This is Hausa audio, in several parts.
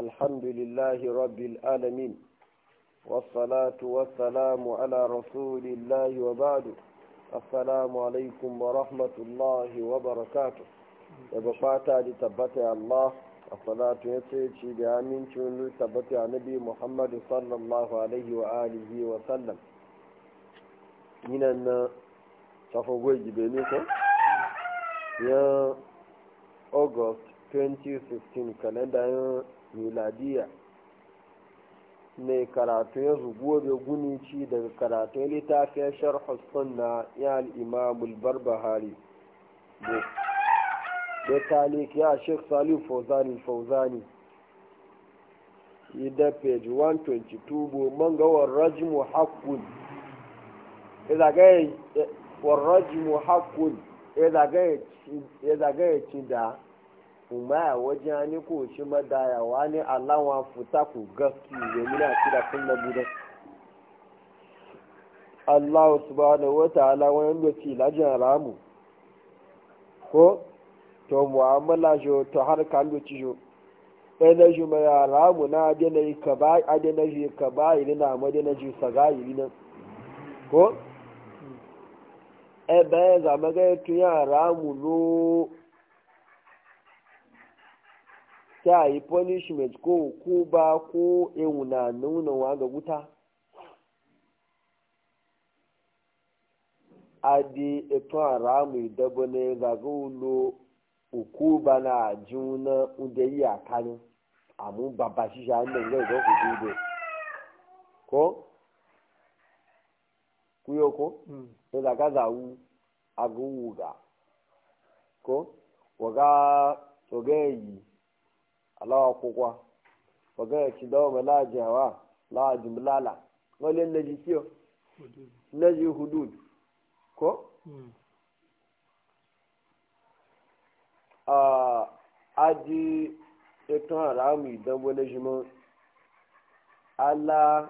الحمد لله رب العالمين والصلاة والسلام على رسول الله وبعد السلام عليكم ورحمة الله وبركاته يبقاتا لتبتع الله الصلاة يسيتي بأمين شنو تبتع نبي محمد صلى الله عليه وآله وسلم من أن تفوقي جبينيكم يا أغسطس 2016 كالندا miladiya mai karatu ya zubo da gunici daga karatu ya littafin sharh sunna ya al'imamul imam al-barbahari da talik ya sheikh salim fauzani fauzani idan page 122 bo man ga warrajmu haqqun idza ga warrajmu haqqun idza ga idza da kuma wajen ni ko shi madayawa ne alawa futa ku gaski domin a kira kun na buda Allah subhanahu wa ta'ala wani lokaci lajin ramu ko to mu'amala jo to har ka lokaci jo ɗaya ji mai ramu na adina yi ka ba adina ji ka ba yi na madina ji saga yi nan ko hmm. ebe eh, zama ga yi tun yara mu lo sai a yi punishment ko kuba ko euna nunawa ga wuta adi eto aramu idabo ne zaga ulo ukuba na ajuna unde yi akani amu baba shisha ande nga ido kududo ko kuyoko mm. zaga zawu aguwuga ko waga hmm. ogeyi alawa kokwa magana ci dawo ma lajawa lawa jimlala wani na ji na ji hudud ko hmm. a aji eto haramu idan wani jimin ala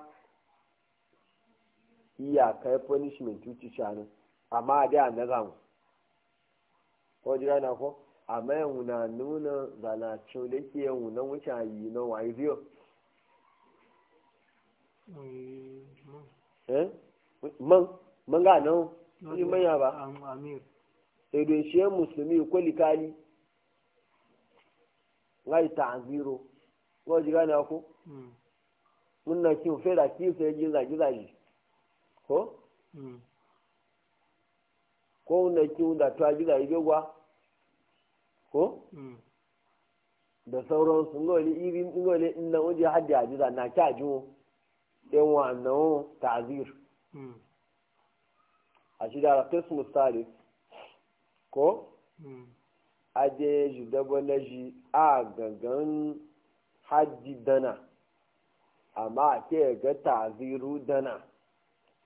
iyakar e punishment wuce shanin amma da na zamu ko jira na amma yanwu na nuna zanacin da ke yanwu na wuce yi na waye biyo eh, eh? man man ga nan yi manya ba edoshiyar musulmi kwalikali ngai ta'aziro ko ji gane mm. mm. ko mun na kin fera ki sai ji zagi zagi ko ko na kin da ta ji zagi gwa ko mm. da sauran sun gole irin gole inda waje haddi ajiza na kya jiwo yan wannan ta'zir mm. a shi da qismu salif ko mm. aje ji dabo na ji a gangan haddi dana amma ke ga ta'ziru dana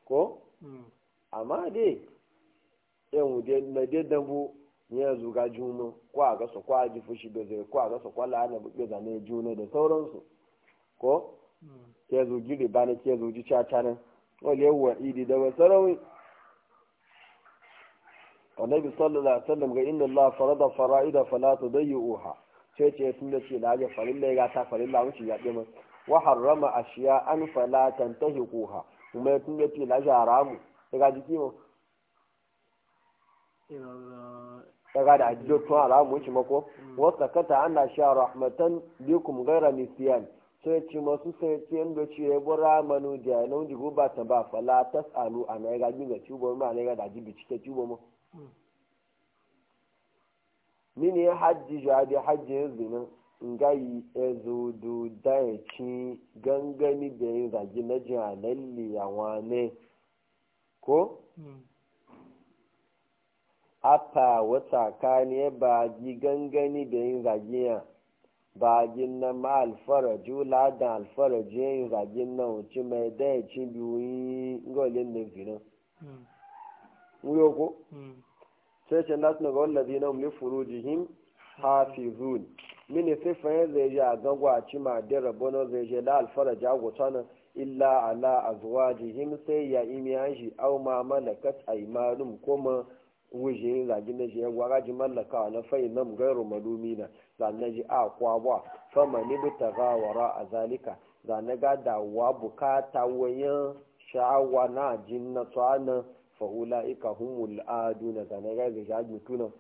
ko amma dai yan wuje na dai dambu ya zuga juna ko a gasa ko a ji fushi da zai ko a gasa ko la'ana buke zane juna da sauransu ko ke zo ji ba na ke zo ji caca nan wani yawwa idi da wasu rauni annabi sallallahu alaihi wasallam ga inna Allah farada fara'ida fala tudayyuha sai ce tun da ce laje farilla ya ta farilla wuce ya dima wa harrama ashiya an fala tantahiquha kuma tun da ce laje haramu daga jiki mu daga da ajiyar tun alamu shi mako mm. wata kata ana sha rahmatan bikum gaira nisiyan sai ci masu sai ci yadda ci ya bu ramanu da ya nan jigo ba ta ba fala ta tsalu a na ya gaji ga cibo ma na ya da jibi cike cibo mu mini mm. hajji jadi hajji ya zina ngayi ezo do da ci gangani da yin zagi na jihalalli ya wane ko mm. hata wata kane ba ji gangani da yin zagiya ba jin na ma alfaraju ladan alfaraju yin zagin na wuce mai daya ci biyu ngolin da finan hmm. wuyo ko hmm. sai ce nasu na gawar lazi na umli furujihim hafizun mini sai yin zai je a gangwa ci ma da rabono zai je la alfaraju a gutsanin illa ala azwajihim sai ya imi an shi au ma malakat aimanum kuma wuje zagi na je gwara ji mallakawa na fai nan gairu malumina na ji a kwabwa fama ni bi ta gawara a zalika zanne ga dawa bukata wayan sha'awa na jin na fa fahula ika humul aduna zanne ga ga jaji tuna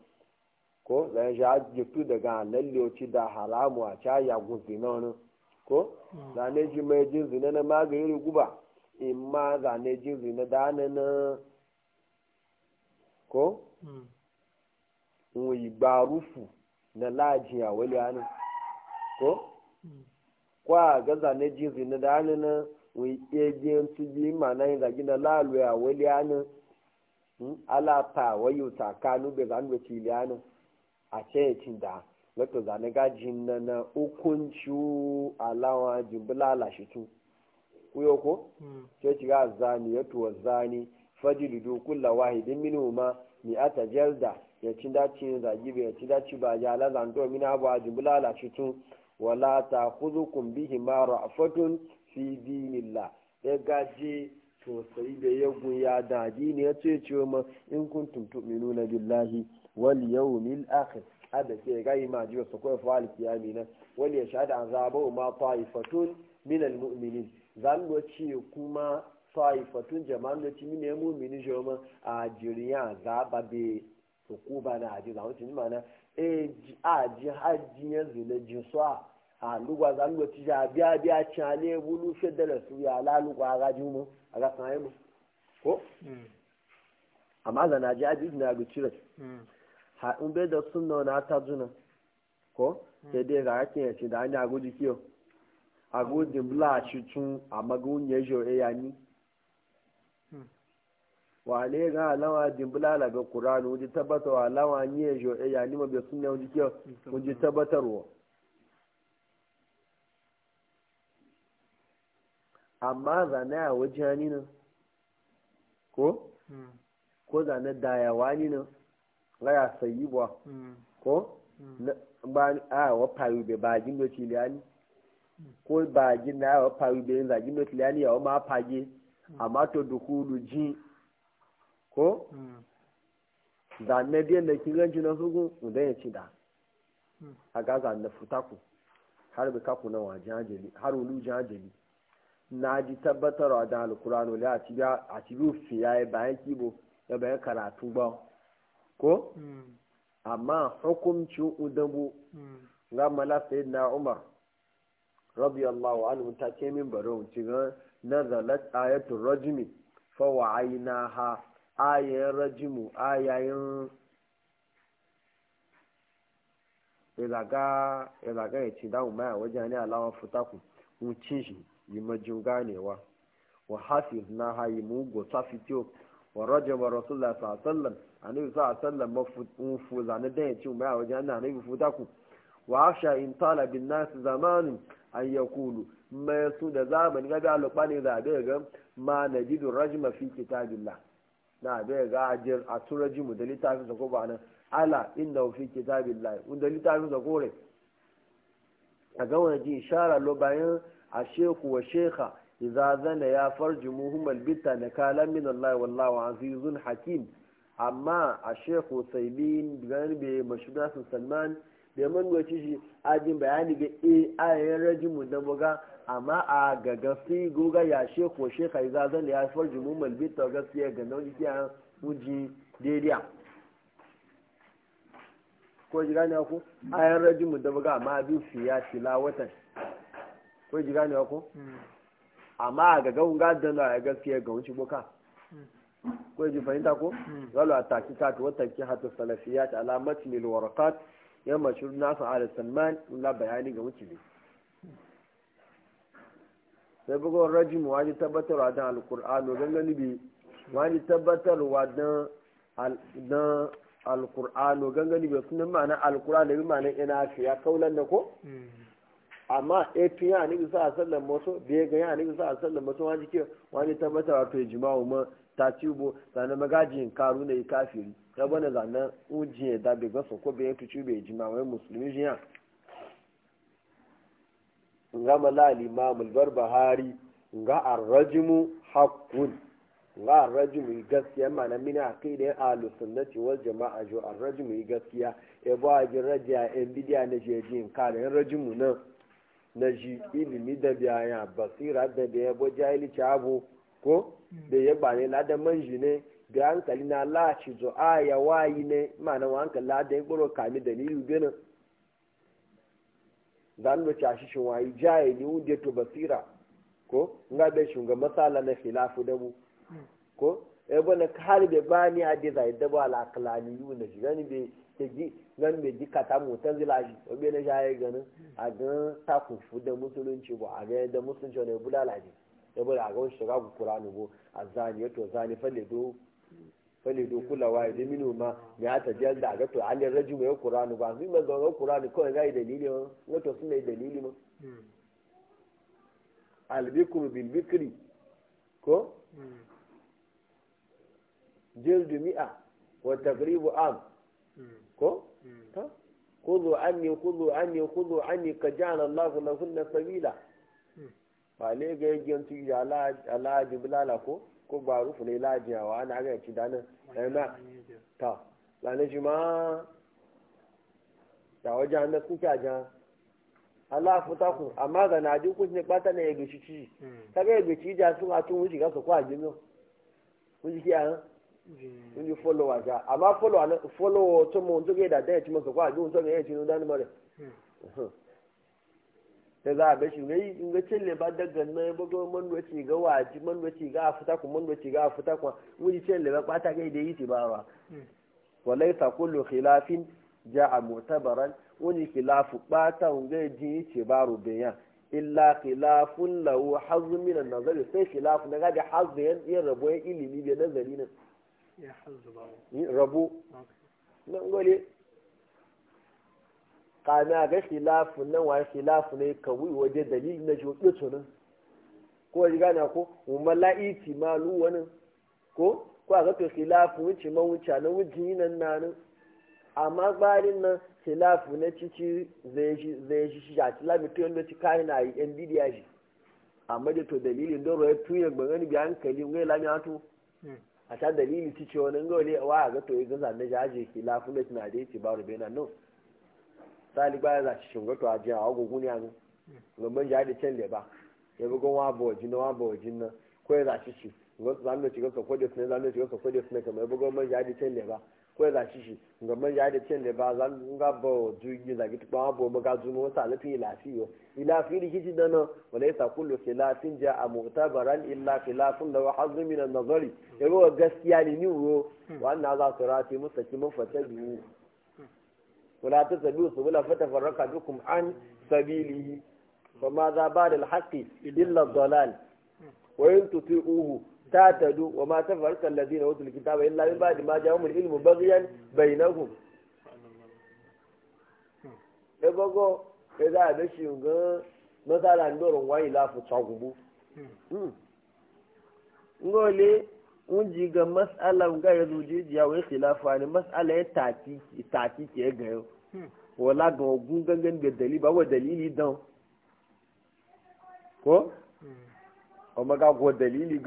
ko zanne ji tu daga lalloci da haramu a caya wani ko hmm. zanne ji mai jin zina na magayin guba imma zanne ji zina da na ko hmm. igba rufu na lajin a wali ko hmm. kwa gaza na jizi na da hannun wai ejiyan ma na yin zagi na lalu a wali hannun hmm? alata wayo tsakanin bai zanuwa cili na a e cikin da wato zane na na hukunci alawa jimbila lashe tu kuyo ko sai zani ya tuwa zani fajilidu kulla wahidin mi ata jelda ya ci dace zagi ya ci dace ba ya lazan to abu a jumla la cikin wala ta khuzukum bihi ma ra'fatun fi dinillah ya gaji to sai da ya guya da dini ya ce ce ma in kun minu na billahi wal yawmil akhir hada ke gai ma jiwa su kai fa Wani ya wal yashhadu azabu ma ta'ifatun min mu'minin zan ci kuma taifatun jama'an da cimi ne mu mini joma a jiriya za ba be suku ba na aji zamu cimi mana e a ji haji ya zule ji so a lugwa za lugwa ti ja biya biya chale bulu fedele su ya la lugwa ga ji mu aga sanaye mu ko hmm. amma da na ji aji hmm. na ga cire ha in bai da sunna na ta juna ko sai hmm. dai ga kin ce da an ya goji kiyo a gojin bula shi tun a magun ya jo e ya ni wale ga alawa jimbila la be qur'an wuji tabbata wa alawa niye jo e ya nima be sunna wuji ke wuji tabbatarwa amma zane a ko hmm. ko sayi hmm. ko hmm. ba a wa fayu be ba ko ba wa fayu be yin zagin tiliyani ya wa ma fage amma to jin ko da na biyan da kin na sugun udon ya ci da a gaza na futaku har bi kaku na wajen ajali har ulu jajali na ji tabbatarwa da alkurano da a ci ya fiye bayan kibo ya bayan karatu ba ko amma udon bu ga malasayi na umar radiyallahu anhu ta ce min bari wuce ga nazalat ayatul rajmi fa ha. ayayin rajimu ayayin ilaga ya ci damu maya wajen ne alawan fitaku wucin shi yi majin ganewa wa hafi na hayi mugo ta fitiyo wa rajaba rasulullah sallallahu alaihi wasallam sa sallam mafutun fu zane da ya ci maya waje ne anabi fitaku wa afsha in tala bin nas zamanin an yakulu mai su da zamani ga da alƙwani zabe ga ma najidu rajma fi kitabillah na bai ga ajiyar a turaji mu da littafin sa ko ba nan ala inda fi kitabin layi dalil littafin sa kore a ga wani ji shara lo bayan a sheku wa sheka idza zana ya farji muhimmal bita na kalan min wallahu azizun hakim amma a sheku saibin gani bai mashuda su salman bai man shi ajin bayani ga a yayin rajin mu da buga amma a ga gasi guga ya she ko she kai za zan da ya farji mu malbi ta ya ga nauyi kiya muji daidai ko ji gane ku ayan raji mu da buga amma bi fiya wata ko ji gane ku hmm. amma a ga gaun gadan da ya ya ga wuce boka hmm. ko ji fahimta ko zalo hmm. a takika ta wata ki hatu salafiyat alamat lil warqat yamma shurna sa'ad salman la bayani ga wuce ne sai bugon rajim wani tabbatarwa don don gangani bi wani tabbatarwa don don gangani bi sunan ma'ana alkur'ano bi ma'ana ina fi ya kaulan da ko amma ap ya ni bisa a sallan maso biye ga ya ni bisa a sallan maso wani ke wani tabbatarwa to jima'u ma ta ci bo zane magajin karu na yi kafiri ta bane zane ujiye da bai gasa ko bai ya tuci bai jima'u musulmi jiya nga malali mamul barbahari nga arrajimu haqqun nga arrajimu gaskiya mana mini aqida ahlu sunnati wal jama'a jo arrajimu gaskiya e ba ji raja e bidiya na je jin kare arrajimu na na ji ilimi da biya basira da biya e bo jahili chabo ko da ya bane lada manji ne da hankali na lashi zo aya wayi ne mana hankali ya gboro kami dalili benin zan da cashi shin wayi jaye ni wunde to basira ko nga be ga masala na khilafu dabu ko e bona kare be bani ade zai dabu al aqlani yu na gani be ji nan be ji kata mutazila zilaji o be na jaye ganin a ga ta fu da musulunci ba a ga da musulunci ne bulalaji ji e bona a ga shi ga ku qur'ani bo azani e to zani fa le do fali do kula wa da minu ma ya ta jiyar da ga to alin raju mai kuranu ba zai mai zaune kuranu kawai ga dalili ma na to suna yi dalili ma hmm. albikuru bilbikiri ko hmm. jildu mi'a wa taqribu am hmm. ko ta kudu anni khudhu anni khudhu anni ka ja'ala Allahu lahunna sabila ba ne ga yanzu ya ala ala ko ko ba rufu ne lajiyawa ana aga ci dana ɗana ta lana shi ma da waje an nasu futa ku amma ga na ji kun ne bata na ya gishi ci hmm. ta ga ya gishi ja sun atun wuce ga su kwa kun ji kiyan hmm. kun ji follower ja amma da za a bai shi ngai in ga cin leba daga nan ya bugo ce ga waji ce ga a fita ku ce ga a fita ku wuri cin ba kwata kai da yi ba bawa hmm. walaisa kullu khilafin ja'a mu'tabaran wani khilafu bata ngai ji ti baro bayan illa khilafun lahu hazu min an-nazar sai khilafu na gadi hazu yan yin rabo ya ilimi da nazari nan ya hazzu ba rabo nan kana ga khilafun nan wa khilafu ne kawu waje dalilin na jodo tunan ko ji gana ko mala'iti malu wani ko ko a to khilafu wuce ma wuce na wuce nan na nan amma barin nan khilafu na cici zai shi shi a tilabi to yadda ci kai na yi yan bidiya shi amma da to dalilin don roya tuya gbangani bi hankali ngai lami hatu hmm. a ta dalili ci ce wani ngai wa a zato ya gaza na jaje khilafu na tunade ci baro bai na nan taliba ya zaci shingato a jiya a gugu ne anu gaban jihar da can leba ya bi gon wabo wa jinna wabo wa jinna ko ya zaci shi zanen shiga gasa kodis ne zanen shiga gasa kodis ne kamar ya bi gon man ji can leba ko ya zaci shi gaban jihar da can leba zan ga ba wa jirgin zagi tukpa wabo ma ga zuma wata alafi lafiyo ilafi da kici da nan wala ya sa kullu filafin ja a mutabaran illa filafin da wa hazu minan nazari ya bi wa gaskiya ne ni wuro hmm. wannan za su rati mustaqimin fatabiyu ولا تتبعوا سبلا فتفرق بكم عن سبيله فماذا بعد الحق إلا الضلال وإن تطيعوه تعتدوا وما تفرق الذين أوتوا الكتاب إلا من بعد ما جاءهم العلم بغيا بينهم ebogo eza abeshi nga masala ndoro ngwa ila fu tsagubu ngole ji ga mas'ala ga ya zuji ya wai khilafa ne mas'ala ya taki taki ke ga yau hmm. wala ga gun gangan da dalili ba wa dalili dan ko hmm. o maga go dalili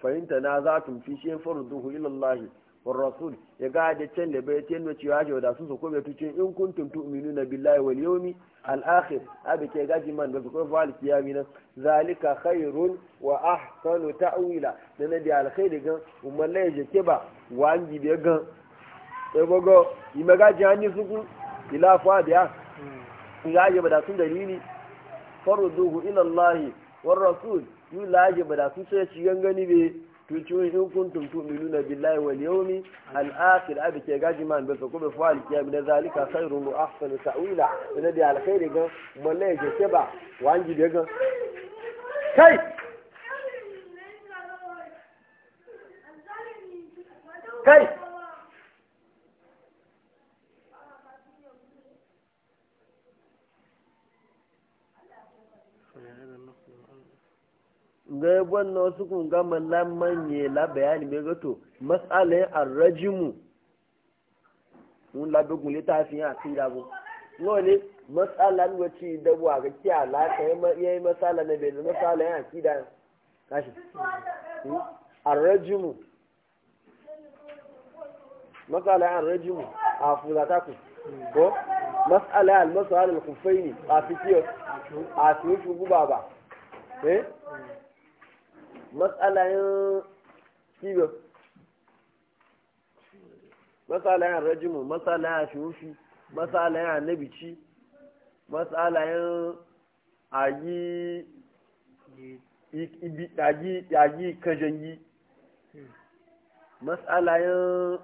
fa inta na za tun fi shi faruduhu ila Allah war rasul ya ga da can da bai tin no ciwa jo da su su ko bai tuce in kuntum tu'minuna billahi wal yawmi al akhir abi ke gaji man da su ko fa'al kiyamina zalika khairun wa ahsanu ta'wila dan da al khair ga umalle je ke ba wangi be ga e bogo imaga jani su ku ila fa biya ya ga da sun dalili farduhu ila allah war rasul yula ga da su sai ci gangani be tuciwon in kuntum tu'minuna billahi wal ke gaji man ba ko be fo al zalika khairu wa ahsanu ta'wila ina da ba kai kai ga wannan wasu kun ga mallan manye la bayani mai gato mas'alayin arrajimu mun labe kun le tafiyan a kira bu ngole mas'alan wace da bu a ga ki alaka yayi matsala na bai matsala ya da kashi arrajimu mas'ala arrajimu a fulata ku ko mas'ala al-mas'ala al-khuffaini a fikiyo a fikiyo guba ba eh matsalayin kiwo matsalayin rajimu matsalayin shofi matsalayin annabici matsalayin ayi ayi kajangi matsalayin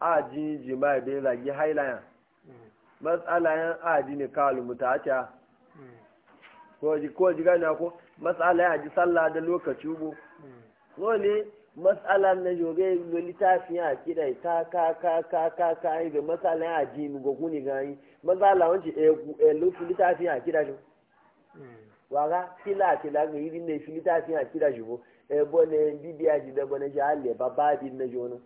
ajin jima'i bai zagi hailayan mm. matsalayin ji ne kawo mutata mm. ko ji ko ji gane ko matsala ya ji sallah da lokaci bu no ne matsala na joge lo litafi a kida ka ka ka ka ka yi ga matsala ya ji mu go kuni gani matsala wanci e e lo a ya kida jo waga kila kila ga yi ne litafi a kida jo e eh, bone bibiya ji da bone ja alle baba bi na jono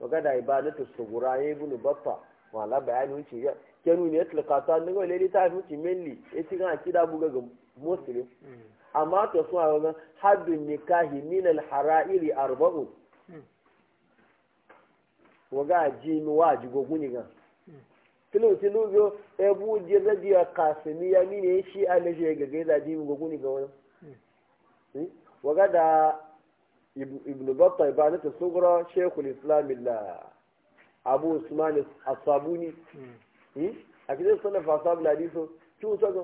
waga da ibadatu sugura ibnu baffa wala bayani wuce kenu ne tilkata ne ga lele ta fi mainly e ti ga ki da buga ga muslim hmm. amma to sun hadu ga haddu nikahi min al hara'iri arba'u hmm. waga ji mi wa ji gogu ni ga tilu tilu yo ebu dia radiya kasimiya ni ne shi a je ga ga da ji mi ga wani waga da ibnu batta ibanatu sugra shaykhul islam abu usman as-sabuni hmm. akidai sọlẹ fàṣọ abúlé so tí wọn sọgọ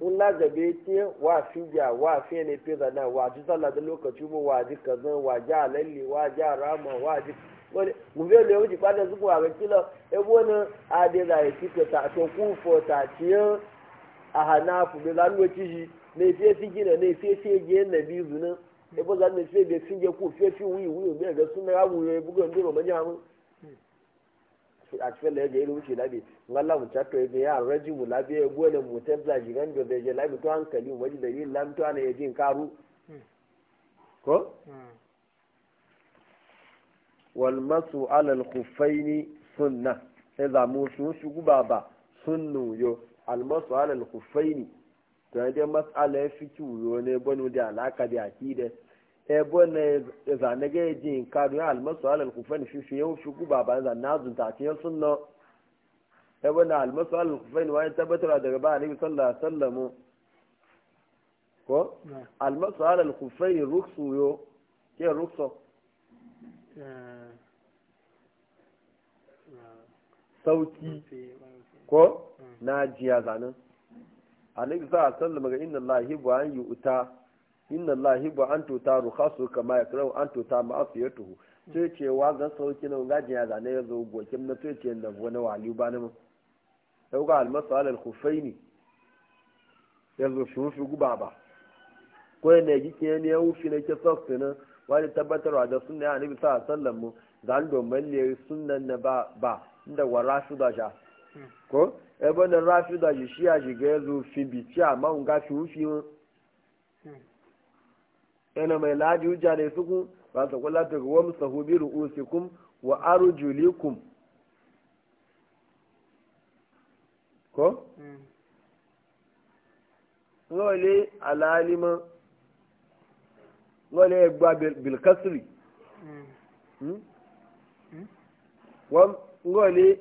ńlá gàbé tiẹ wà fìjà wà fìyẹn ní pèsè náà wà àti sàlàdé lókàtí wọn wà àti kàzán wà àjà àlẹlẹ wà àjà àràmọ wà àti wọn wọn fẹẹ fi wọn ti pàdé sùkùn àrùn kílọ ewu ní adéla ètí kẹta àtọkù fi tiẹ àhànà àfùgbé lánàá fi yìí ní ìfẹ́ fíjì náà ní ìfẹ́ fíjì náà bí ìzù náà ebó lánàá ìfẹ́ bẹ fíjì kú ìfẹ́ fíwì ìwì òmìnira súnmẹ́ra wù a cikin da yaje rubuce labi ngalla mu chatto yaje ya raji mu labi ya gole mu tabla jigan da yaje labi to hankali mu waje dalil lam to ana yaje karu hmm. ko hmm. wal masu ala al khuffaini sunna sai za mu su shugu baba sunnu yo al masu ala al khuffaini to yaje mas'ala ya fiki wuyo ne banu da alaka da akida ebo ne zanage jin kadu almasu alal kufan shi shi yau shi guba ba zan nazun ta ce sunna ebo na almasu alal kufan wani tabbatar daga ba annabi sallallahu alaihi wasallam ko almasu alal kufan ruksu yo ke ruksu eh. sauki ko hmm. na jiya zanin annabi sallallahu alaihi sallama ga inna allahi wa an yu'ta inna Allah hibu an tuta ruhasu kama ya kirau an tuta ma'asu ya tuhu sai ce wa ga sauki na gajin ya zane ya zo gokin na sai ce da wani wali ba na mu sai ga almasu alal kufaini ya zo shi wufi guba ba ko yana yi ke ne ya wufi na ke sosai na wani tabbatarwa da sunna ya anabi sa sallan mu zan domin ne sunan na ba ba inda wa rasu da sha ko ebe na rasu da shi shi ya shiga ya zo fi bi ci amma ga shi wufi ina mai ladi hujja da suku ba ta kula ta ga wamsa hu bi ru'usikum wa arjulikum ko wale alalima wale gba bil kasri hmm? wam ngole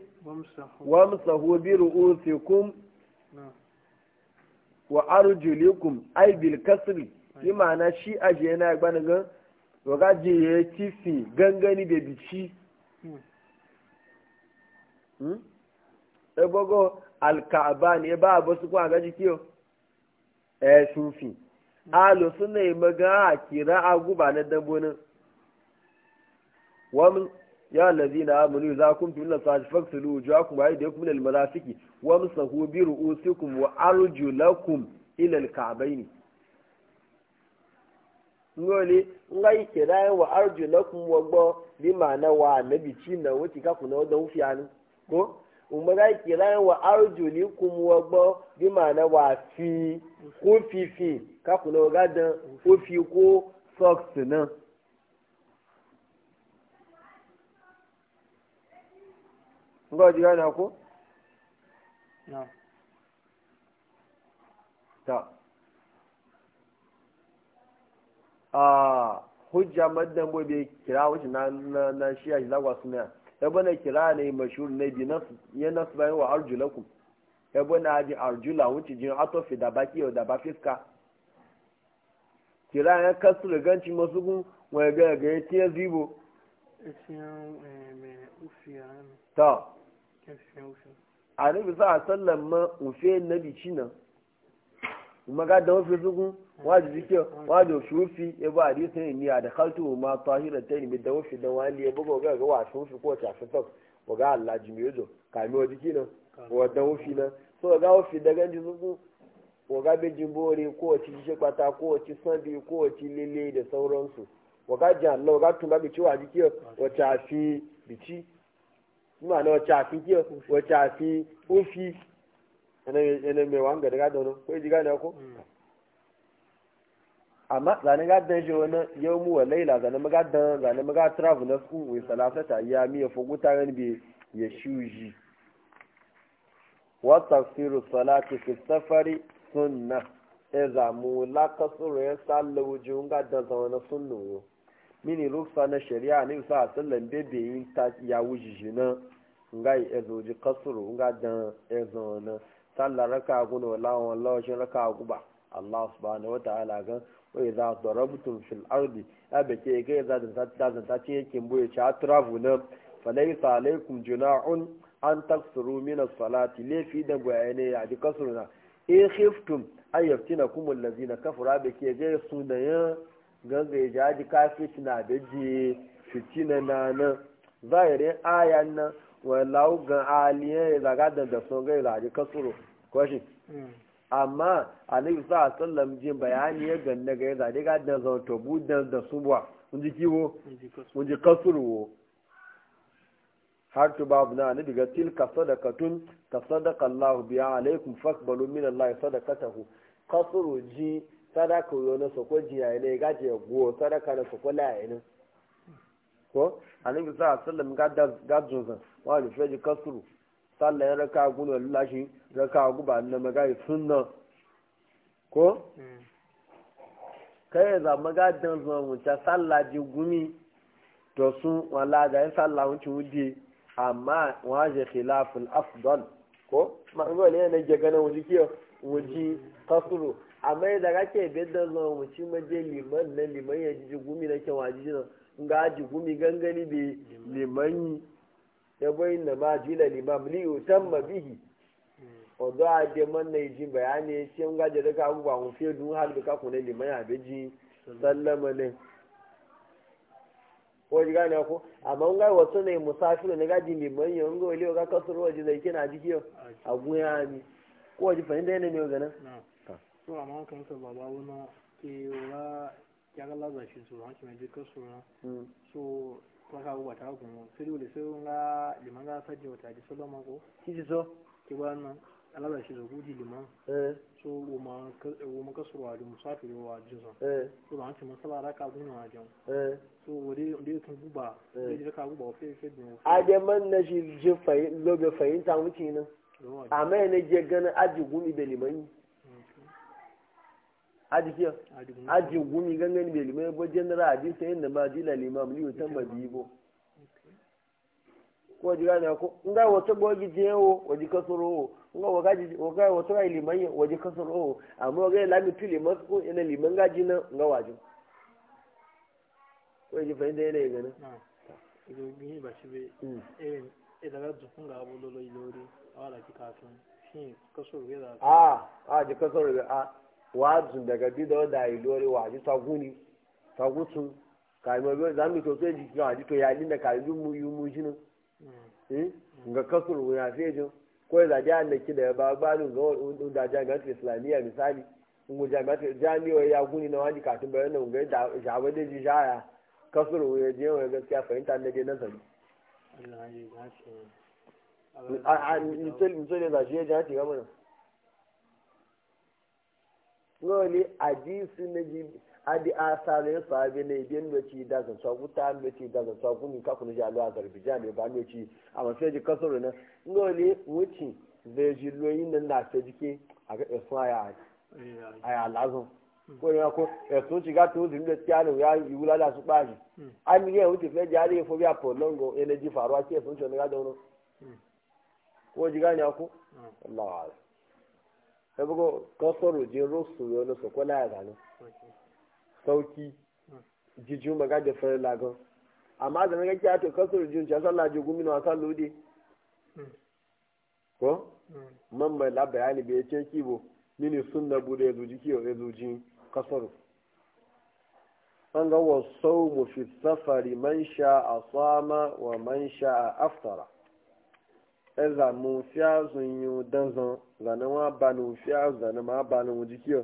wamsa hu bi ru'usikum wa arjulikum ay bil kasri yi ma'ana shi ajiye na ya gbani gan waga ya ya tifi gangani da bici ebogo alka'aba ne ba a basu kuma gaji kiyo eh a hmm. alo suna yi maga a kira a guba na dabbonin wani ya lazi na amuru za kun fi nuna sa'ad faksulu juwa kuma yi da kuma lalmarafiki wamsa hu bi ru'usikum wa arjulakum ilal ne. ngoli ngai kirai e wa arjulakum wa gbo bi ma'ana wa nabi ci na wuti ka kuna da ufiyanu ko umarai kirai wa ni wa gbo bi ma'ana wa fi ko fi ka kuna ga da ko fi ko socks na ngo jiga na ko na ta a hujja madan bai bai kira wuce na shiya shi lagos zagwa suna ya bana kira ne mashhur ne bi nas ya nas bayan wa arjulakum ya bana ji arjula wuce jin atofi da baki da ba fiska kira ya kasu da ganci masu gun wani ga ga ya tiya zibo eh, ta a nabi sa a sallan ma ufe nabi cinan magada wafi zugu waje jike waje shufi ya ba hadisi ne ni da khaltu ma tahira tani bi da wafi da wali ya bugo ga ga wasu su ko ta su fak wa ga Allah jimiyo ka mi waje kina wa da wafi na so ga wafi da ganji zugu wa ga be jimbori ko ci jike kwata ko ci sandi ko ci lele da sauransu wa ga jan Allah ga tun ga bi ciwa jike wa ta fi bici ma na wa ta fi wa ta fi ufi ene mai wanga da gado nan ji gane ko e amma mm. zane gadan shi wani yau mu wa laila zane mu dan zane mu travel na su wai salasata ya mi ya fugu ta ran bi ya shuji wa tafsiru salati fi safari sunna e za mu la kasuru ya e sallu jun gadan sa wani sunnu yo mini ruksa na shari'a ne sa sallan bebe yin ta ya wujiji na ngai ezoji kasuru ngadan e na. sallar raka guna walawan lawashin raka guba Allah subhanahu wa ta'ala gan wa idza darabtum fil ardi abake ga za da ta ta ce yake boye cha travel na falaisa alaikum juna'un an taksuru min as-salati lafi da bayane ya di kasuruna in khiftum an allazina kafara bake ga sunayen ganga ya jaji kafirci na da ji fitina na nan zahirin ayan nan wallahu gan aliyan ya zaga da da sun ga ya kasuru kwashin hmm. amma annabi sa sallam jin bayani ya ganna ga yadda daga da zauta budan da buwa, mun ji kiwo mun ji kasurwo har tu babu na nabi ga da sadakatun ta sadaka Allah biya alaikum fakbalu min Allah hu kasuru ji sadaka yau na soko ji ya ne ga je sadaka na soko la ya ne ko annabi sa sallam ga da ga zunzan wa ni feji kasuru sallah ya raka guno lashi raka guba na magai sunna ko hmm. kai za magadin dan zuwa wuce salla ji gumi to sun wala ga yin sallah wuce wuce amma waje khilaful afdal ko ma ngo ne na ga ganin wuce kiyo wuce kasuru amma yadda kake bidda zuwa wuce maje liman na liman ya ji gumi na kyan waje na ga ji gumi gangani bi liman yi yabo inna ma jila limam li utamma bihi ọdọ adé na ìjì bẹ̀yà ni etí ń gájẹ lẹ́ka gbogbo àwọn fi dùn hàn bí beji lè mọ́yà àbẹ́jì sálẹ́mọ́lẹ́. a ti na kú àmọ́ ń gáwọ̀ sọ́nà ìmùsáfìlẹ̀ ní gájì lè mọ́yìn ń gbọ́ ilé ọ̀gá kọ́sọ́rọ́ ji ni na kan hmm. kwa ka wata kun siri wuli siri nga liman ka saje wata ji solo ma ko so ki ba nan alaba shi zo guji liman so wo ma ma ka surwa da musafiri wa ji so ba an ci masala ka gun jan eh so wuri ndi ka guba eh. ndi ka guba fe fe din a man na shi je lobe fayin wuce nan amma ne je ganin aji gumi da liman haji kiyo haji gumi gangan mai limai ba general hadisi sai inda ma jila limam liyu tan ba bibo ko ji gane ko in wata bogi jewo waji ga waga ji waga waji amma ga lami tu liman ko liman gaji nan in ga waji ko ji yana mm. da a ah, a ji a wazun daga bidon da ilori waji taguni tagutun kalmar biyar zamu to sai jiki waji to ya da kalmar mu yi mu jinin mm. eh? ga kasur wuya sai jin ko ya zaji an da ki da ya ba balin ga wadun da jami'ar islamiyya misali mu jami'ar jami'ar ya guni na wani katin bayan da shabar da ji shaya wani gaskiya fahimta na da shi ya ji hati ga mana. ngoli hadisi na ji adi asaro ya sahabi ne biyan lokaci da zan so ku ta lokaci da zan so ku ni ka kun ja lo azarbijan ne ba lokaci amma sai ji kasoro na ngoli wuci zai ji loyi nan na ta jike a ga esu aya aya lazun ko ya ko esu ji ga to din da tiano ya yi wula da su baji an ni ya wuce fe jare fo biya polongo energy faruwa ke e sun ce ne ga dono hmm. ko ji ga ni ko hmm. Allah wa'ala sabogo kasoro je rosu yo na so kola ga sauki jiju maga da fara lagon amma da naga kiya to kasoro je ja sallah je gumi na san ko man mai la bayani be ce kibo mini sunna bude zuji kiyo e zuji kasoro an ga wasau sawmu fi safari man a sama wa man a aftara ẹza mu fi azụ nyu danzan zana wa ba nu fi azụ zana ma ba nu ji kiyo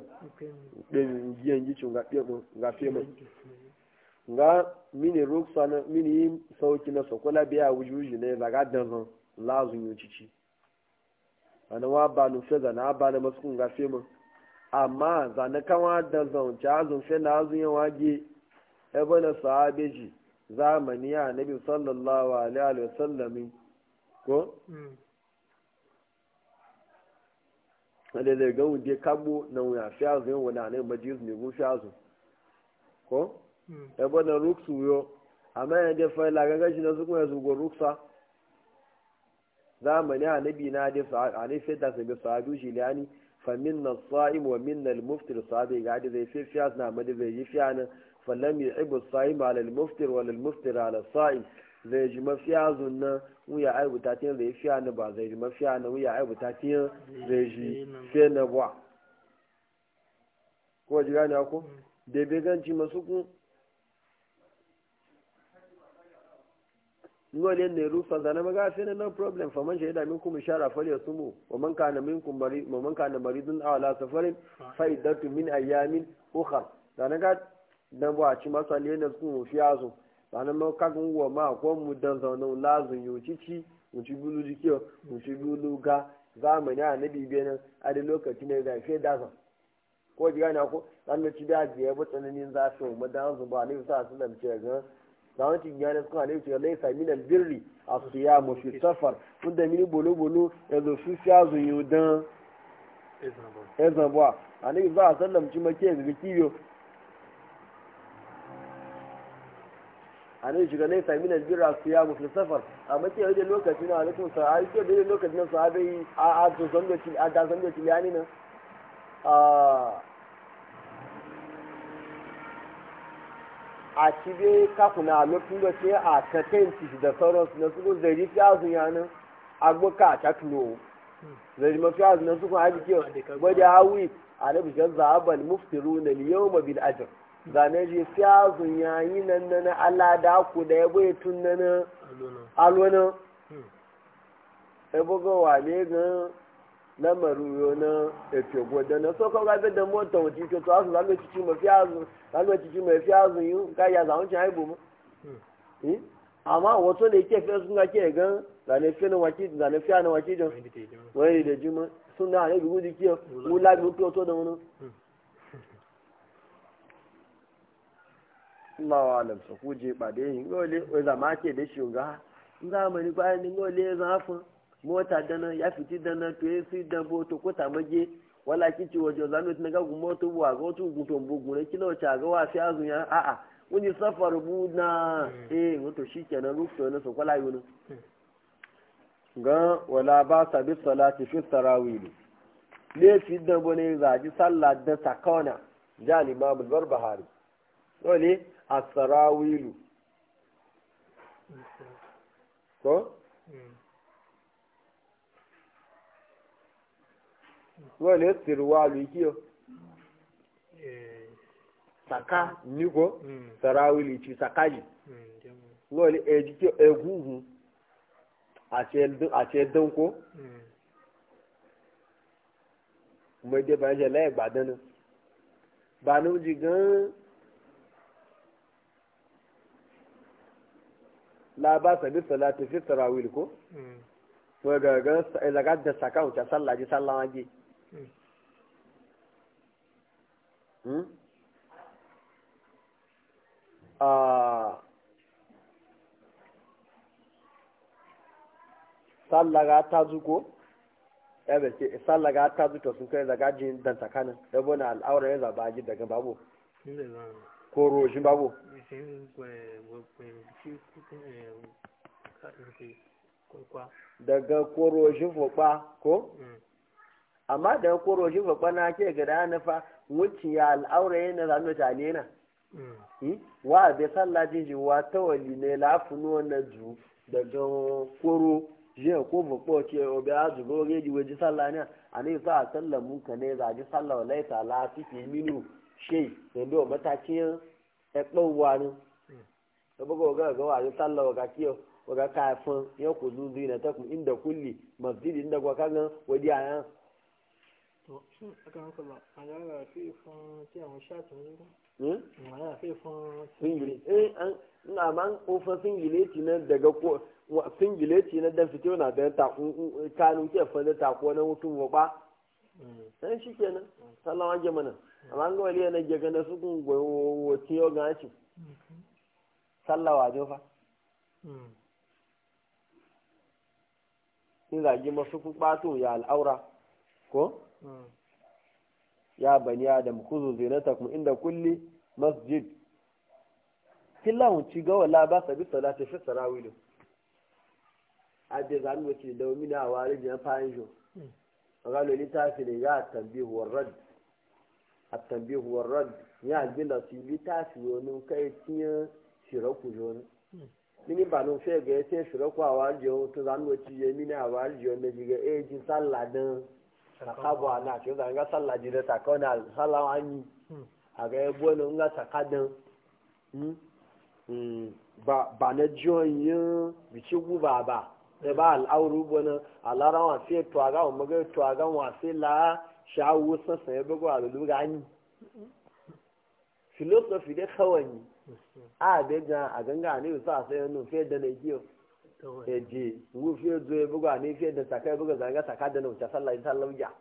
pe mi ji en ji chunga pe mo nga pe mo nga mini ruksa na mini sauki na sokola biya wujuji ne daga danzan lazu nyu cici ana wa ba nu fi zanen ba na masu nga pe mo amma zanen kan wa danzan ci azun fi na azun yan waje ebe na sahabeji zamani ya nabi sallallahu alaihi wasallam ko mm. wanda zai ga wunde kagbo na wuya fiyazu yin wani anayin majiyus ne gun fiyazu ko ebe mm. na ruksu yo amma yana da fa lagaga shi na su kuma ya zugo ruksa zamani nabi na da anabi sai da sa'adu sahabi shi liyani fa na sa'im wa min na muftir sa'adu ga da zai fi fiyaz na amma zai yi fiyanin fa lam ibu sa'im a al wa al a ala zai ji mafiyazun nan wuya aibuta tin ya fiya ne ba zai ma fiya na wuya aibuta tin zai ji fiye na ba ko ji gane ko mm. da bai ganci masu kun ngole ne rufa zana maga fi na no problem fa man shaida shara ishara ya sumu wa man kana minkum mari wa man kana maridun aw la safarin fa iddatu min ayamin ukhra zana ga dan ba ci masali ne su fiya su sannan ma kagun wa ma ko mu dan zaune lazun yucici mu ci bulu jikiyo mu ci bulu ga ne a nabi benin a da lokaci ne ga shi dasa ko ji gane ko sannan ci da ya bi tsananin zafi mu dan zuba ne sa su lamce ga zawon cin yana suka ne cewa laisa min albirri a siya mu fi safar kun da mini bolo bolo ya zo su siya zun yi dan ezan ba annabi za a sallamci make ga kiyo a nan shiga ne sami na jira su ya musu safar a mace wajen lokaci na alaikum sa'a a ke da lokaci na sahabai a a to san da a da san da cili nan a ci dai kakuna a lokacin da ce a ta tishi da sauransu na suko zari fi azun yanin agboka a takulo zari ma azun na a haji ke gwada hawi a na bishan zaɓar muftiru na liyau mabil ajiyar zane ji fiya yayi nan nan Allah da ku da ya bai tun nan na alwana ya buga wale ga lamarin yo na efe gwada na so kawai ga da mota wuce ke tuwa su zalo cici ma fiya zun zalo cici ma fiya zun yi ga ya zaun ci haibu ma eh? amma wato da yake fiya sun ga ke gan zane fiya na waki zane fiya na waki jan wani da jima sun na hanyar gudu kiyo wula bi to to da wani hmm. Allah wa alam sa kuje ba da yin gole za ma ke da shuga in zamani bayan ni gole fa mota dana ya fiti dana to yin si dan boto ko ta mage wala kici waje za mu ga gumo to wa ga to gu to bu gure kilo cha ga wa fi azun ya a a yi safar na hmm. eh wato shikenan rukto na so kwala yunu hmm. ga wala ba sa bi salati fi tarawih le fi dan bone zaji sallah da takona ja al-imam bahari. dole asarawilu ko wale sirwalu kiyo saka niko hmm. sarawili ci sakaji hmm, wale ejike egungun àti ẹdán hmm. mo dé bá ń ṣe lẹ́ẹ̀gbádán náà gan-an la ba sa bi salati fi tarawih ko hmm. to ga ga ga da saka ta salla ji ji hmm, hmm? a ah. salla ga ta zuko ya bace salla ga ta to sun kai ga ji dan sakanin yabo na al'aura ya zaba ji daga babu koro zimbabwe daga koro shi ko mm. amma daga koro shi fuɓa na ke gada na fa wuce ya al'aura yana zanu tale na mm. hmm? wa bai sallah jiji wa tawali ne lafunu wannan ju daga koro jiya ko fuɓa ce obi a zuba waje ji waje sallah ne a ne sa a sallah mun ka ne za ji sallah wa laita la fi minu ṣe pẹ̀lú ọmọ tá a kí ń ẹpẹ́ wa ni ọgbọ́gbọ́ ọ̀gá ọ̀gá wa ni sálọ ọ̀gá kí ọ̀gá ká fún yẹn kò lù ní ìnàtẹ́kùn ìndọ̀kúlì mọ̀tìdì ìndọ̀gbọ̀ kágan wọ́dí àyàn. tó ṣe akẹ́kọ̀ọ́ àyà rà fi fún tí àwọn ṣáàtì ń rí. àyà rà fi fún. fíngìlì ẹ ẹ ń fún fíngìlì tì san shi kenan sallan wage mana amma an ga waliya na gege na su kun goyowoci yau ga ci sallah jo fa in zagi masu kun ɓato ya al'aura ko ya bani adam kuzu kuma inda kulli masjid killahun ci gawa la ba sabi salati fi sarawilu abin zanuwa ce da wani na wari jiyan fahimjo قالوا لي تاسي يا التنبيه والرد التنبيه والرد يا الجنة لي تاسي ونو كيتين شركو جون mini ba no fe ga ese shiroko awaji o to zan wo ti yemi ni awaji o meji ga e ji salla dan sakabo ana ti o zan salla da takona salla wani ba ba na joyin bi ci gu ba. ne ba al'auru a alara wa sai tuwa wa maga tuwaga wa sai la sha'awu sassan ya bugu a lulu gani filosofi dai kawai a da ga a ganga ne sa sai yanzu fiye da na giyo ya eh, je wu fiye zo ya bugu a ne fiye da saka ya bugu zanga saka da na wuce sallah ta lauya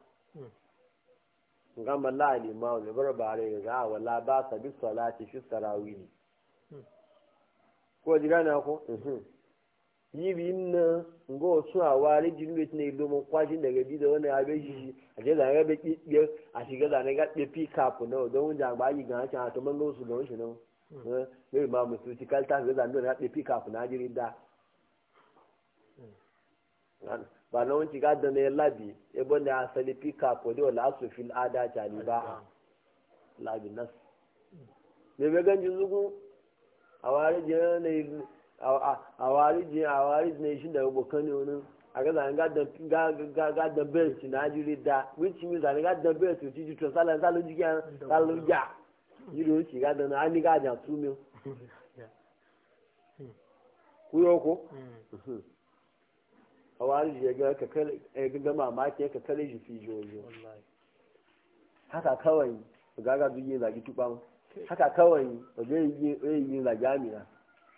ga malla alima ne bar bare ya ga wala ba sa bi salati fi sarawi hmm. ko jira na ko yibi na nga osu awari ji nwe tina ido mu kwaji daga bi da wani abe shi a ce zane ga beki biya a shiga zane ga bepi kapu na don wunja agba yi gan can a to manga osu don shi na mai hmm. eh, ma musu ci kalta ga zane ga bepi kapu na jiri da hmm. ba na wunci ga da na labi ebo na asali pi kapu da wala asu fil ada cani ba hmm. labi nas. Bebe ganji zugu awari ji na awariji awariji na shi da bokan ne aga a ga zan ga ga da bel ci na jiri da which means an ga da bel ci ji to sala sala ji ga sala ja yiro ci ga da na ni ga ja tu mi ku yo ko awariji ya ga ka kale ga ga mamaki ka kale ji fi jojo haka kawai ga ga duniya zagi tuba haka kawai ba zai yi zagi amina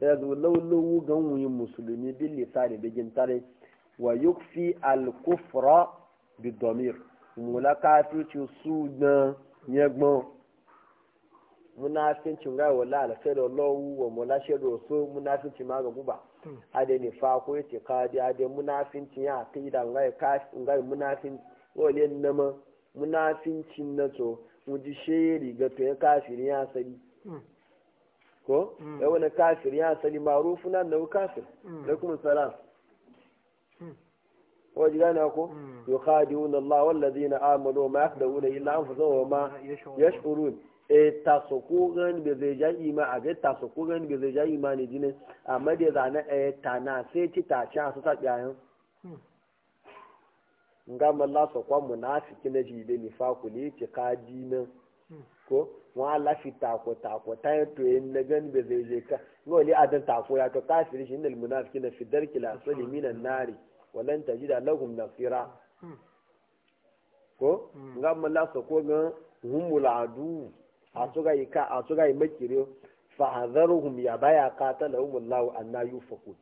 ya zo laulawu gan wuyin musulmi bin lisani bigin tare wa yukfi al-kufra bi domir mula kafirci su na yagbon munafincin ga wala alfai da lawu wa mula shaidu so munafincin ma ga guba ade ne fa ko yace ka di ade munafincin ya kai da ngai ka ngai munafin wale nama munafincin na to mu ji sheri ga to ya kafiri ya sani hmm. ko hmm. ya wani kafir ya sani marufu na nau kafir da hmm. kuma salam wajen hmm. gane ko to khadi'un Allah wallazi na amalu ma la illa anfusahum wa ma yash'urun e tasoko gan be zai ja ima a ga tasoko gan be zai ja ima ne jinin amma da zana e tana sai ci ta can su sa biyan Allah so kwa munafiki na jibe ni fakuli ci kaji nan ko wa fi tako tako ta yi to yin na gani ba zai je ka wani adan tako ya to kafiri shi inal munafiki na fidar kila asali minan nari walan ta jida lahum nasira ko ka mun la so ko ka humul adu a so ga ka a so ga makire fa hadaruhum ya baya qatalahum allah anna yufakun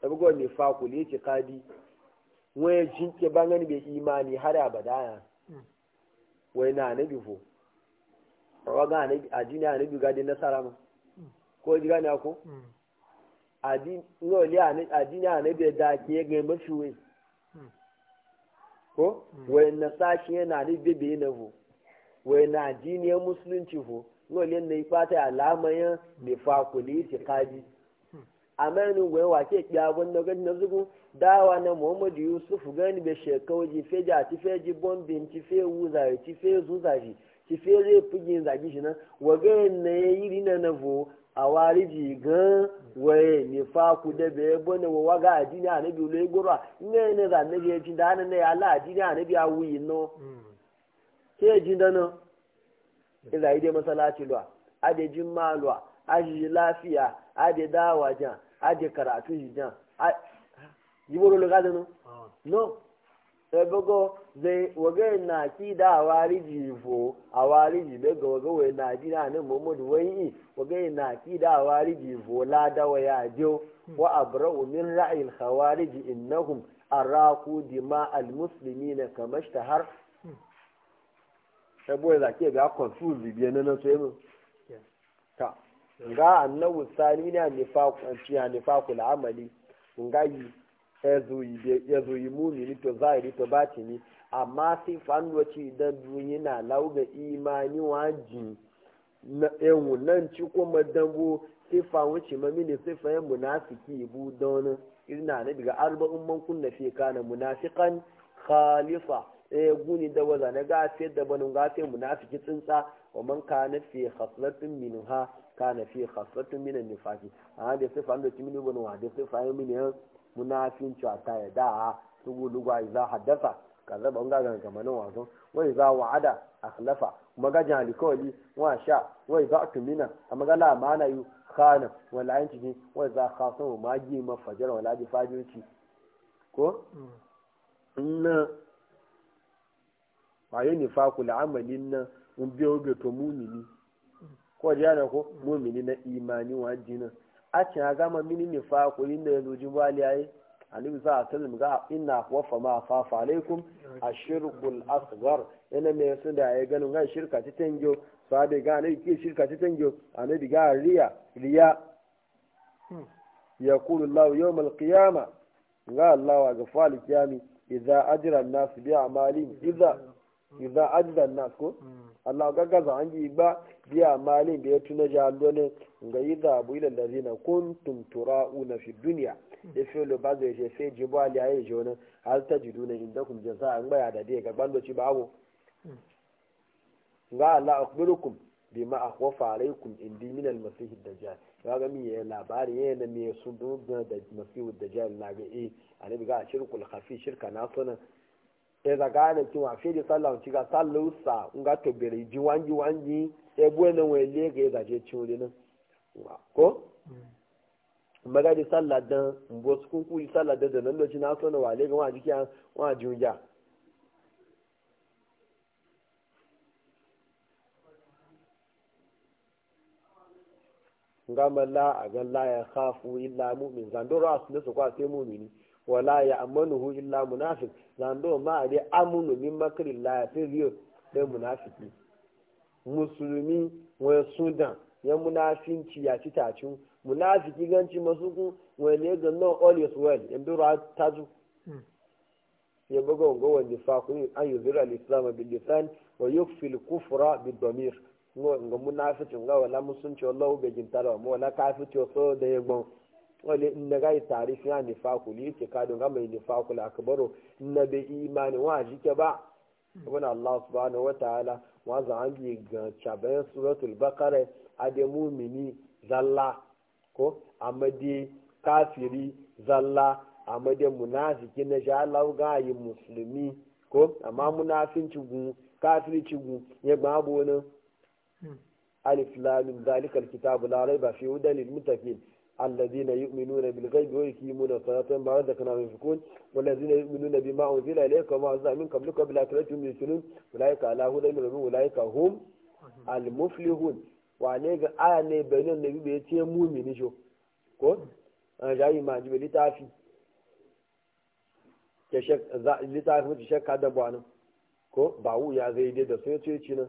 tabugo ne fakul yace kadi waye jinke bangani bai imani har abada wai na nabi fo raga adini a nabi gadi nasara ma ko ji hmm. gani ako adini a nabi da ke ga mafi wai hmm. ko hmm. wai na sashi yana da bebe na vo wai na adini ya musulunci vo ngoli na ipata alamaya ne fa kuli ti kaji amanu gwe wa ke kya wonno gani na zugu dawa na muhammadu yusuf gani be shekau ji feja ti feji bombin ti fe wuza ti fe zuza ti fe zai fugin zagi shi nan waga na ya yi rina na vo a wari ji gan waye ne fa ku da be bone wa waga adini anabi lo igoro ne ne za ne e ya jin da na ne ala adini anabi a wuyi no ke ya da no ila e ide masalaci lo ade jin malwa aji lafiya ade dawa jan ade karatu jan a boro lo ga no ah. no ebogo zai waga na ki da awari a awari jibe ga waga wai na ji na nan muhammadu wai waga na ki da awari fo la da waya jo hmm. wa abra'u min ra'il khawarij innahum araku dima al muslimina kama shtahar ebo hmm. za ke ga confuse bi nan sai mu ta ga annabi salina ne antiya nifaqul amali ngai yi muni ni to zahiri to ni amma sai fandoci da duniya na lauga imani waji na yanwu nan ci kuma dambo sai fawuci mamini sai fayin munafiki bu don ina na daga arba'in man kunna fi kana munafiqan khalifa eh guni da waza na gafe da banu gafe munafiki tsinsa wa man kana fi khaslatin minha kana fi khaslatin minan nifaqi a da sai fandoci mini banu wa da sai fayin mini munafinci a ta yada a tugu lugwa za haddasa ka zaba ga ga kamanin wasan wa iza wa'ada halafa kuma ga jalikoli wa sha wai za tumina a magana a mana yi khana wala yanci ne wai za khasan ma gi ma fajar wala ji fajoci ko inna ne fa nifakul amalin nan mun biyo ga to mumini ko jana ko mm. mumini na imani wa jinan a na a gama mini ne fa ko yin da ya zoji ba li yayi annabi sa a sallam ga inna wafa ma fa fa alaikum ashirkul asghar ina me sun da ya ganin ga shirka ta tanjo sabe ga ne ki shirka ta tanjo annabi ga riya riya yaqulu allah yawm alqiyama ga allah wa gafal kiyami idza ajra an-nas bi a'mali idza idza ajra an-nas ko hmm. allah gaggaza an ji ba bi a'mali da ya tuna jalo ne nga yi zabu ila lazina kuntum tura'una fi duniya da hmm. felo ba zai je sai jibo ali ayi jona hal tajiduna indakum an baya da dai ga bando ci bawo hmm. nga Allah akhbirukum bima akhwafa alaykum indi min al-masih jihar dajjal ga mi ya labari ya na me sun dubna da masih da dajjal na ga eh annabi ga shirkul khafi shirka na sunan e da gane ne wa fi sallahu ci ga sallu sa nga to bere ji wanji wanji e bu na wele ga da e je ci wuri ko di mm. sallah dan mbo sukun kuyi sallah dan da nan lokaci na so na wale ga wani jikin wani jiya ngama la aga la ya khafu illa mu'min zando ras ne su kwa sai mu'mini wala ya amanuhu illa munafiq zando ma ade amunu min makri fi riyo da munafiqi musulmi wa sudan ya munafinci ya ci tacin munafiki ganci masu kun wani ya nan all is well in biro ta zu hmm. ya buga wanga wani fakuni an yi zira al-islam bil lisan wa yukfil kufra bil damir nga munafikin ga wala musunci wallahu bai gintara mu wala kafici so da ya gbon wale inda ga yi tarifi ya nifakuli ce kadu ga mai nifakuli akabaro na bai imani wa jike ba wani Allah subhanahu wa ta'ala wa za a yi ga cabayin suratul bakare a da mumini zalla ko a kafiri zalla a madi munafiki na sha Allah ga yi musulmi ko amma munafin cigun kafiri cigun ya abu wani hmm. alif lamim zalikar kitabu larai ba fi hudalin lil الذين يؤمنون بالغيب ويقيمون الصلاة ما رزقناهم ينفقون والذين يؤمنون بما أنزل إليك وما أنزل من قبلك بالآخرة هم يوقنون أولئك على هدى من ربهم أولئك هم المفلحون وعليك آية بين النبي bayanan da شو ya ce mumini jo ko an jayi ma jibe litafi ke shek litafi wuce shek ka da bwanin ko bawu ya zai da sun ce ci nan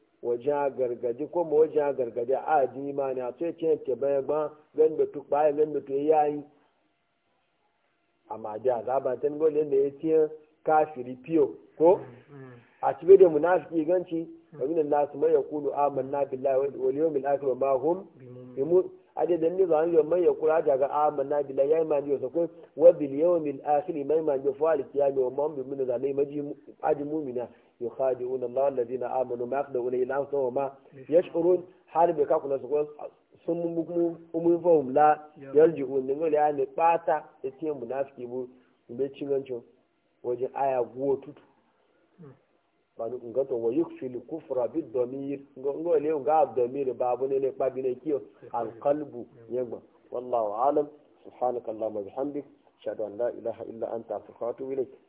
wajen gargadi ko ma wajen gargadi a addini ma ne a sai ce ke bayan ba gan da tuk bayan gan da tu yayi amma da azaba tan gole ne yace kafiri fiyo ko a cibiyar da munafiki ganci wa min nas man yaqulu amanna billahi wal yawmil akhir ma hum bimu ade dan ni zan yo man yaqulu daga amanna billahi yayi ma jiyo sokon wa bil yawmil akhir mai ma jiyo fa al kiyami wa mu bimu da ne maji mu mu'mina yukhadi'una Allah alladhina amanu ma yakhda'una illa anfusahum wa ma yash'urun hal bi sun mu umun fahum la yarji'un ne ngole ya ne bata yace munafiki bu be cingancin wajen aya guwo tutu bani nga to wa kufra bi damir ngo le nga damir babu ne ne kpabi ne kiyo al qalbu yegba wallahu alam subhanakallahumma bihamdik ashhadu an la ilaha illa anta astaghfiruka wa atubu